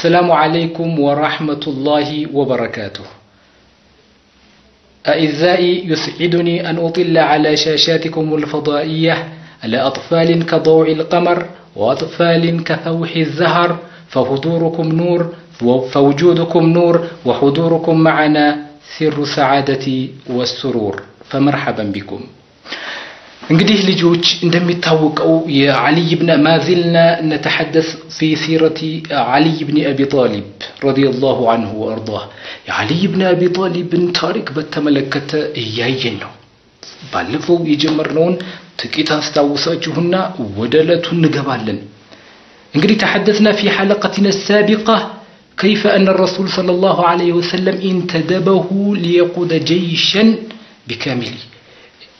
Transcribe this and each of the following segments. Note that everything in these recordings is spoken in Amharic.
السلام عليكم ورحمة الله وبركاته أعزائي يسعدني أن أطل على شاشاتكم الفضائية على أطفال كضوء القمر وأطفال كفوح الزهر فحضوركم نور فوجودكم نور وحضوركم معنا سر السعادة والسرور فمرحبا بكم انقديه لجوج اندمي تاوكو يا علي بن نتحدث في سيرة علي بن أبي طالب رضي الله عنه وأرضاه يا علي بن أبي طالب بن تارك بتملكة إياينه بلفو يجمرنون تكيتا استاوساجهن ودلتن نقبالن انقدي تحدثنا في حلقتنا السابقة كيف أن الرسول صلى الله عليه وسلم انتدبه ليقود جيشا بكامله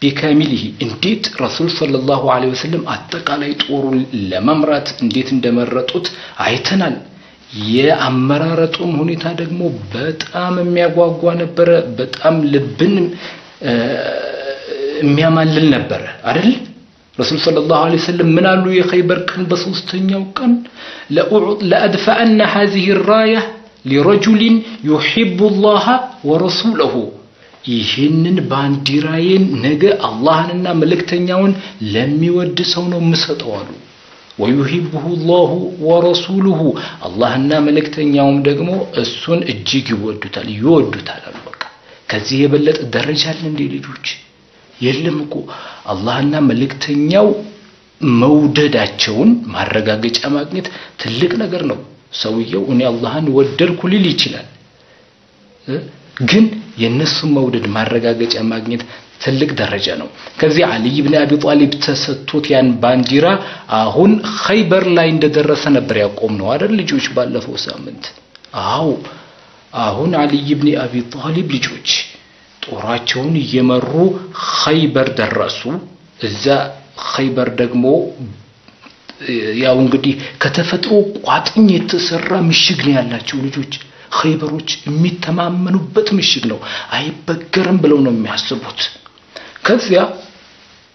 بكامله انديت رسول صلى الله عليه وسلم اتقالي طور لممرات انديت اندمرتوت عيتنال يا امرارات امرارتهم هوني تادقمو بتام برا بات ام لبن اه ميامال للنبرا عرل رسول صلى الله عليه وسلم من قالوا يا خيبر كان بصوصتن يوكن لأدفع أن هذه الراية لرجل يحب الله ورسوله ይህንን ባንዲራዬን ነገ አላህንና መልእክተኛውን ለሚወድ ሰው ነው የምሰጠው አሉ። ወዩሂብሁ ላሁ ወረሱሉሁ አላህና መልእክተኛውም ደግሞ እሱን እጅግ ይወዱታል ይወዱታል አሉ። በቃ ከዚህ የበለጠ ደረጃ አለ እንዴ ልጆች? የለም እኮ አላህና መልእክተኛው መውደዳቸውን ማረጋገጫ ማግኘት ትልቅ ነገር ነው። ሰውየው እኔ አላህን ወደድኩ ሊል ይችላል። ግን የእነሱን መውደድ ማረጋገጫ ማግኘት ትልቅ ደረጃ ነው። ከዚህ አልይ ብን አቢ ጣሊብ ተሰጥቶት ያን ባንዲራ አሁን ኸይበር ላይ እንደደረሰ ነበር ያቆም ነው አይደል ልጆች፣ ባለፈው ሳምንት። አዎ አሁን አልይ ብን አቢ ጣሊብ ልጆች ጦራቸውን እየመሩ ኸይበር ደረሱ። እዛ ኸይበር ደግሞ ያው እንግዲህ ከተፈጥሮ ቋጥኝ የተሰራ ምሽግ ነው ያላቸው ልጆች ኸይበሮች የሚተማመኑበት ምሽግ ነው አይበገርም ብለው ነው የሚያስቡት ከዚያ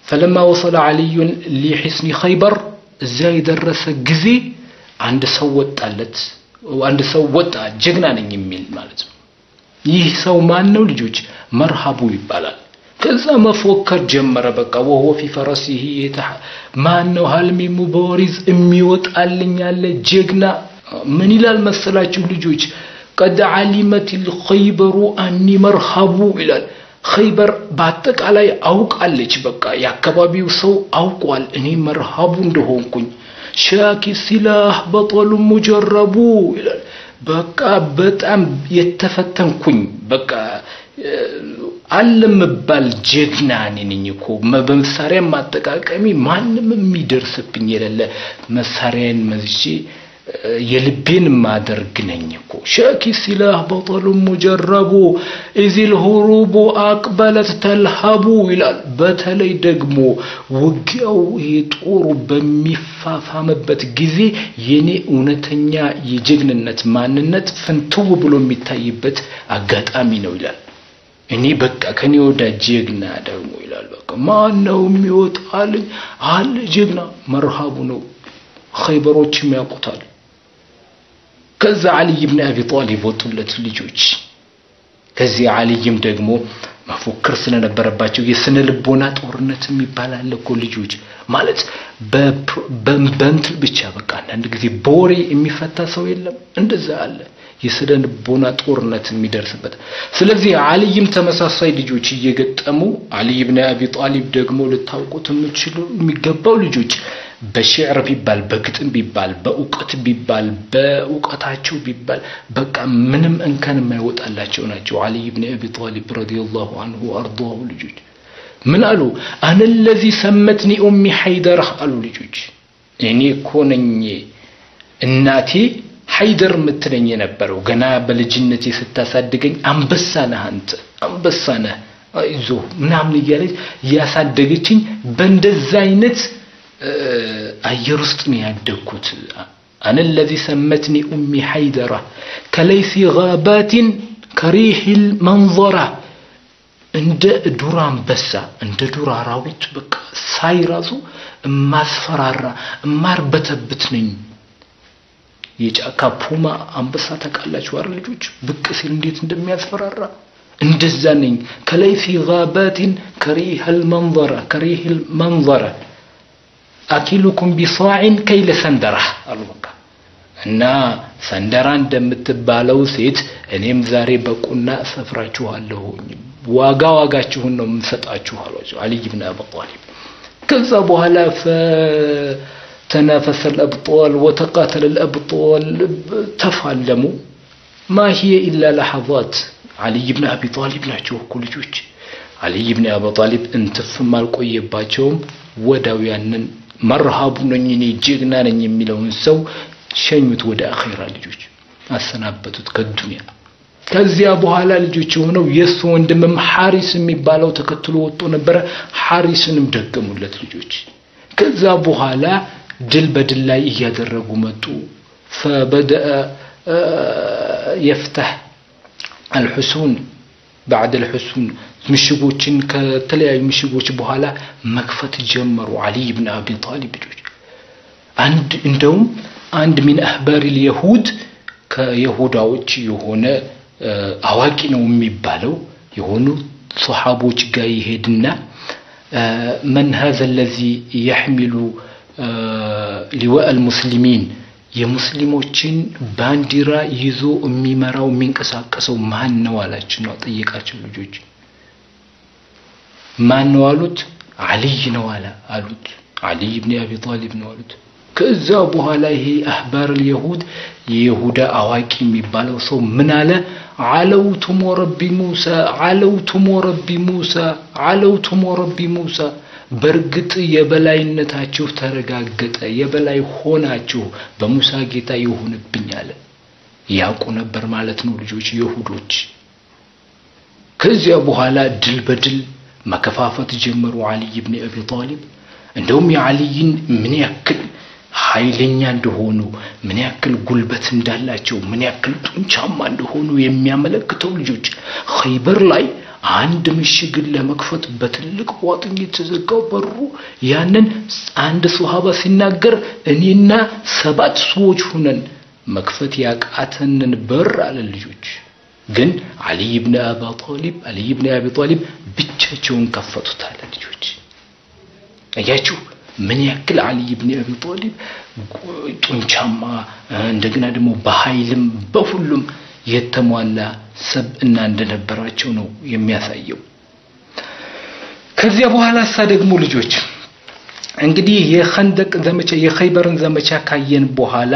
ፈለማ ወሰለ አልዩን ሊሕስኒ ኸይበር እዚያ የደረሰ ጊዜ አንድ ሰው ወጣለት አንድ ሰው ወጣ ጀግና ነኝ የሚል ማለት ነው ይህ ሰው ማን ነው ልጆች መርሃቡ ይባላል ከዛ መፎከር ጀመረ በቃ ወሆ ፊ ፈረሲህ ማን ነው ሀልሚሙ በወሪዝ የሚወጣልኝ ያለ ጀግና ምን ይላል መሰላችሁ ልጆች ቀድ ዓሊመት ልኸይበሩ አኒ መርሃቡ ይላል። ኸይበር በአጠቃላይ አውቃለች። በቃ የአካባቢው ሰው አውቋል እኔ መርሃቡ እንደሆንኩኝ። ሻኪ ሲላህ በጦሉ ሙጀረቡ ይላል። በቃ በጣም የተፈተንኩኝ በቃ አለምባል ጀግና ነኝ እኮ በመሳሪያ ማጠቃቀሚ ማንም የሚደርስብኝ የሌለ መሳሪያን መዝቼ የልቤን ማደርግ ነኝ እኮ ሸኪ ሲላህ በጠሉ ሙጀረቡ ኢዚል ሁሩቡ አቅበለት ተልሀቡ ይላል። በተለይ ደግሞ ውጊያው ጦሩ በሚፋፋምበት ጊዜ የኔ እውነተኛ የጀግንነት ማንነት ፍንትው ብሎ የሚታይበት አጋጣሚ ነው ይላል። እኔ በቃ ከኔ ወዳ ጀግና ደግሞ ይላል። በቃ ማን ነው የሚወጣልኝ? አለ ጀግና መርሃቡ ነው። ኸይበሮችም ያውቁታል። ከዛ አልይ ብን አቢ ጣሊብ ወጡለት ልጆች። ከዚህ አልይም ደግሞ መፎክር ስለነበረባቸው የስነ ልቦና ጦርነት የሚባላል እኮ ልጆች ማለት በእንትን ብቻ በቃ አንዳንድ ጊዜ በወሬ የሚፈታ ሰው የለም። እንደዛ አለ የስነ ልቦና ጦርነት የሚደርስበት። ስለዚህ አልይም ተመሳሳይ ልጆች እየገጠሙ አልይ ብን አቢ ጣሊብ ደግሞ ልታውቁት የሚችሉ የሚገባው ልጆች በሽዕር ቢባል በግጥም ቢባል በእውቀት ቢባል በእውቀታቸው ቢባል በቃ ምንም እንከን የማይወጣላቸው ናቸው። አልይ ብን አቢ ጣሊብ ረዲየላሁ አንሁ አርዳሁ ልጆች ምን አሉ? አነ ለዚ ሰመትኒ ኡሚ ሐይደራ አሉ ልጆች እኔ እኮ ነኝ እናቴ ሐይደር የምትለኝ የነበረው ገና በልጅነቴ ስታሳድገኝ፣ አንበሳ ነህ አንተ አንበሳ ነህ አይዞህ ምናምን እያለች እያሳደገችኝ በእንደዛ አይነት አየር ውስጥ ነው ያደግኩት። አነ ለዚ ሰመትኒ ኡሚ ሐይደራ ከለይሲ ጋባቲን ከሪሂል መንዘራ እንደ ዱር አንበሳ እንደ ዱር አራዊት በቃ ሳይ እማስፈራራ እማርበተብት ነኝ። የጫካ ፑማ አንበሳ ታውቃላችሁ አይደል ልጆች? ብቅ ሲል እንዴት እንደሚያስፈራራ እንደዛ ነኝ። ከለይሲ ጋባቲን ከሪሂል መንዘራ ከሪሂል መንዘራ አኪሉኩም ቢሳዕን ከይለ ሰንደራ አሉ። በቃ እና ሰንደራ እንደምትባለው ሴት እኔም ዛሬ በቁና ሰፍራችኋለሁኝ ዋጋ ዋጋችሁን ነው የምንሰጣችሁ አሏቸው አልይ ብን አቢ ጣሊብ። ከዛ በኋላ ተናፈሰ ልአብጧል ወተቃተለ ልአብጧል ተፋለሙ። ማሂየ ኢላ ለሐዛት አልይ ብን አቢ ጣሊብ ናቸው እኮ ልጆች። አልይ ብን አቢ ጣሊብ እንትፍም አልቆየባቸውም ወዳው ያንን መርሃቡ ነኝ እኔ ጀግና ነኝ የሚለውን ሰው ሸኙት ወደ አኼራ ልጆች አሰናበቱት ከዱንያ ከዚያ በኋላ ልጆች የሆነው የእሱ ወንድምም ሐሪስ የሚባለው ተከትሎ ወጦ ነበረ ሐሪስንም ደገሙለት ልጆች ከዛ በኋላ ድል በድል ላይ እያደረጉ መጡ ፈበደአ يفتح الحسون بعد الحسون ምሽጎችን ከተለያዩ ምሽጎች በኋላ መክፈት ጀመሩ። አሊ ብን አቢ ጣሊብ ልጆች አንድ እንደውም አንድ ሚን አህባሪ ልየሁድ ከየሁዳዎች የሆነ አዋቂ ነው የሚባለው የሆኑ ሰሓቦች ጋር ይሄድና መን ሀዘ ለዚ የሕሚሉ ሊዋእ ልሙስሊሚን የሙስሊሞችን ባንዲራ ይዞ የሚመራው የሚንቀሳቀሰው ማን ነው አላችሁ ነው ጠየቃቸው ልጆች ማን ነው አሉት? አልይ ነው አለ አሉት። አልይ ብን አቢ ጣሊብ ነው አሉት። ከዛ በኋላ ይሄ አህባር የሁድ የይሁዳ አዋቂ የሚባለው ሰው ምን አለ? አለውቱሞ ረቢ ሙሳ አለውቱሞ ረቢ ሙሳ አለውቱሞ ረቢ ሙሳ በእርግጥ የበላይነታችሁ ተረጋገጠ፣ የበላይ ሆናችሁ በሙሳ ጌታ ይሁንብኝ አለ። ያውቁ ነበር ማለት ነው ልጆች፣ የሁዶች ከዚያ በኋላ ድል በድል መከፋፈት ጀመሩ አልይ ብን አቢ ጣሊብ እንደውም የአልይን ምን ያክል ኃይለኛ እንደሆኑ ምን ያክል ጉልበት እንዳላቸው ምን ያክል ጡንቻማ እንደሆኑ የሚያመለክተው ልጆች ኸይበር ላይ አንድ ምሽግን ለመክፈት በትልቅ ቋጥኝ የተዘጋው በሩ ያንን አንድ ሱሃባ ሲናገር እኔና ሰባት ሰዎች ሁነን መክፈት ያቃተንን በር አለ ልጆች ግን አልይ ብን አባ ጣሊብ አልይ ብን አቢ ጣሊብ ብቻቸውን ከፈቱታል። ልጆች እያችሁ ምን ያክል አልይ ብን አቢ ጣሊብ ጡንቻማ፣ እንደገና ደግሞ በኃይልም በሁሉም የተሟላ እና እንደነበራቸው ነው የሚያሳየው። ከዚያ በኋላ ሳ ደግሞ ልጆች እንግዲህ የኸንደቅ ዘመቻ የኸይበርን ዘመቻ ካየን በኋላ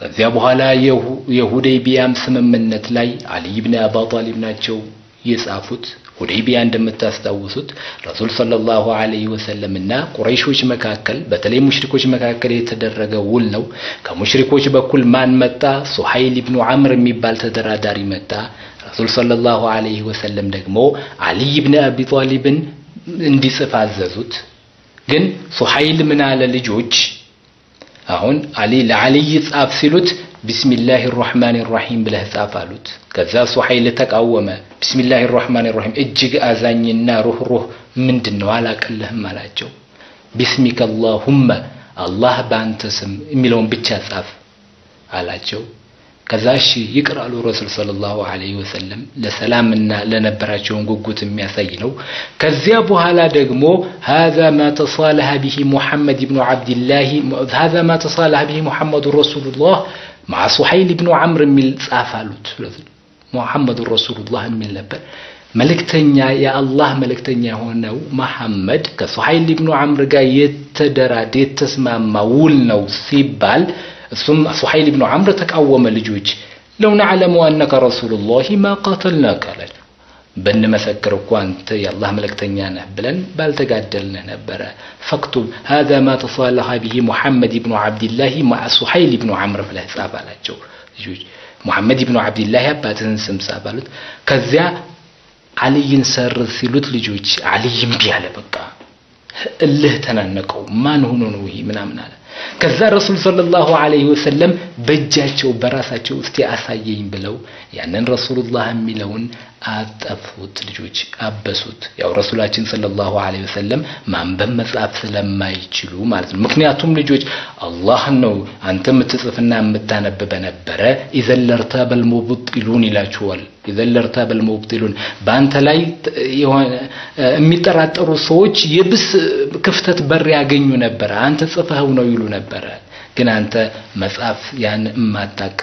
ከዚያ በኋላ ቢያም ስምምነት ላይ አልይ ብን አባ ጣሊብ ናቸው የጻፉት። ቢያ እንደምታስታውሱት ረሱል ሰለላሁ ዐለይሂ ወሰለም እና ቁረይሾች መካከል በተለይ ሙሽሪኮች መካከል የተደረገ ውል ነው። ከሙሽሪኮች በኩል ማን መጣ? ሱሀይል ብኑ አምር የሚባል ተደራዳሪ መጣ። ረሱል ሰለላሁ ዐለይሂ ወሰለም ደግሞ አልይ ብን አቢ ጣሊብን እንዲጽፍ አዘዙት። ግን ሱሀይል ምን አለ? ልጆች አሁን አሊ ለአልይ ጻፍ ሲሉት ቢስሚላህ ራህማን ራሂም ብለህ ጻፍ አሉት። ከዛ ሱሐይል ተቃወመ። ቢስሚላህ ራህማን ራሂም እጅግ አዛኝና ሩህሩህ ሩህ ምንድን ነው አላቅልህም አላቸው። ቢስሚከ አላሁመ አላህ በአንተ ስም የሚለውን ብቻ ጻፍ አላቸው። ከዛ እሺ ይቅር አሉ ረሱል ሰለላሁ ዐለይሂ ወሰለም ለሰላምና ለነበራቸውን ጉጉት የሚያሳይ ነው። ከዚያ በኋላ ደግሞ ሀዛ ማ ተሳለሐ ቢሂ ሙሐመድ ብኑ ዐብድላሂ ሀዛ ማ ተሳለሐ ቢሂ ሙሐመዱ ረሱሉላህ መዓ ሱሐይል ብኑ ዐምር የሚል ጻፍ አሉት። ሙሐመዱ ረሱሉላህ የሚል ነበር። መልእክተኛ የአላህ መልእክተኛ የሆነው መሐመድ ከሱሐይል ብኑ ዐምር ጋር የተደራድ የተስማማ ውል ነው ሲባል እሱም ሱሐይል ብኑ አምር ተቃወመ ልጆች ለው ነዕለሙ አነከ ረሱሉላሂ ማ ቃተልናከ አላቸው ብንመሰክር እኮ አንተ የአላህ መልእክተኛ ነህ ብለን ባልተጋደልንህ ነበረ። ፈክቱብ ሀዛ ማ ተሳለሐ ብሂ ሙሐመድ ብኑ ዓብድላሂ ማዕ ሱሐይል ብኑ ዓምር ብለህ ጻፍ አላቸው። ልጆች ሙሐመድ ብኑ ዓብድላሂ አባትህን ስም ጻፍ አሉት። ከዚያ አልይን ሰርዝ ሲሉት ልጆች አልይ እምቢ አለ። በቃ እልህ ተናነቀው። ማን ሆኖ ነው ይሄ ምናምን አለ። ከዛ ረሱል ሰለላሁ ዐለይሂ ወሰለም በእጃቸው በራሳቸው እስቲ አሳየኝ ብለው ያንን ረሱሉላህ የሚለውን አጠፉት ልጆች አበሱት። ያው ረሱላችን ሰለላሁ ዐለይሂ ወሰለም ማንበብ መጻፍ ስለማይችሉ ማለት ነው። ምክንያቱም ልጆች አላህ ነው አንተ የምትጽፍና የምታነብ በነበረ ኢዘለርታ በልሙብጢሉን ይላችኋል። ኢዘለርታ በልሙብጢሉን በአንተ ላይ የሚጠራጠሩ ሰዎች የብስ ክፍተት በር ያገኙ ነበረ። አንተ ጽፈኸው ነው ይሉ ነበረ። ግን አንተ መጻፍ ያን እማታቅ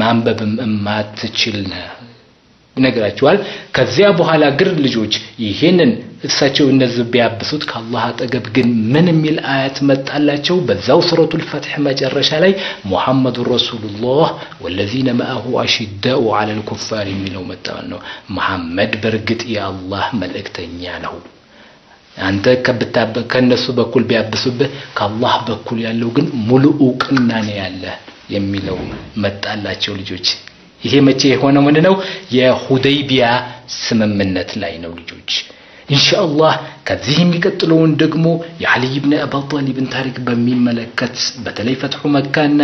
ማንበብም እማትችል ነህ ይነግራቸዋል። ከዚያ በኋላ ግን ልጆች ይሄንን እሳቸው እነዚህ ቢያብሱት ከአላህ አጠገብ ግን ምን የሚል አያት መጣላቸው? በዛው ሱረቱል ፈትሕ መጨረሻ ላይ ሙሐመዱ ረሱሉላህ ወለዚነ መአሁ አሽዳኡ አለል ኩፋር የሚለው መጣል ነው። መሐመድ በእርግጥ የአላህ መልእክተኛ ነው። አንተ ከነሱ በኩል ቢያብሱብህ ከአላህ በኩል ያለው ግን ሙሉ እውቅና ነው ያለ የሚለው መጣላቸው ልጆች ይሄ መቼ የሆነው ምንድነው? የሁደይቢያ ስምምነት ላይ ነው ልጆች። ኢንሻአላህ ከዚህ የሚቀጥለውን ደግሞ የአሊ ብን አቢ ጣሊብን ታሪክ በሚመለከት በተለይ ፈትሑ መካና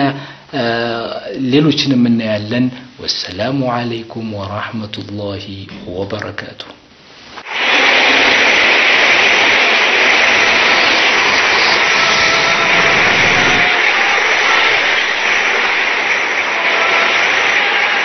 ሌሎችንም እናያለን። ወሰላሙ አለይኩም ወራህመቱላሂ ወበረካቱ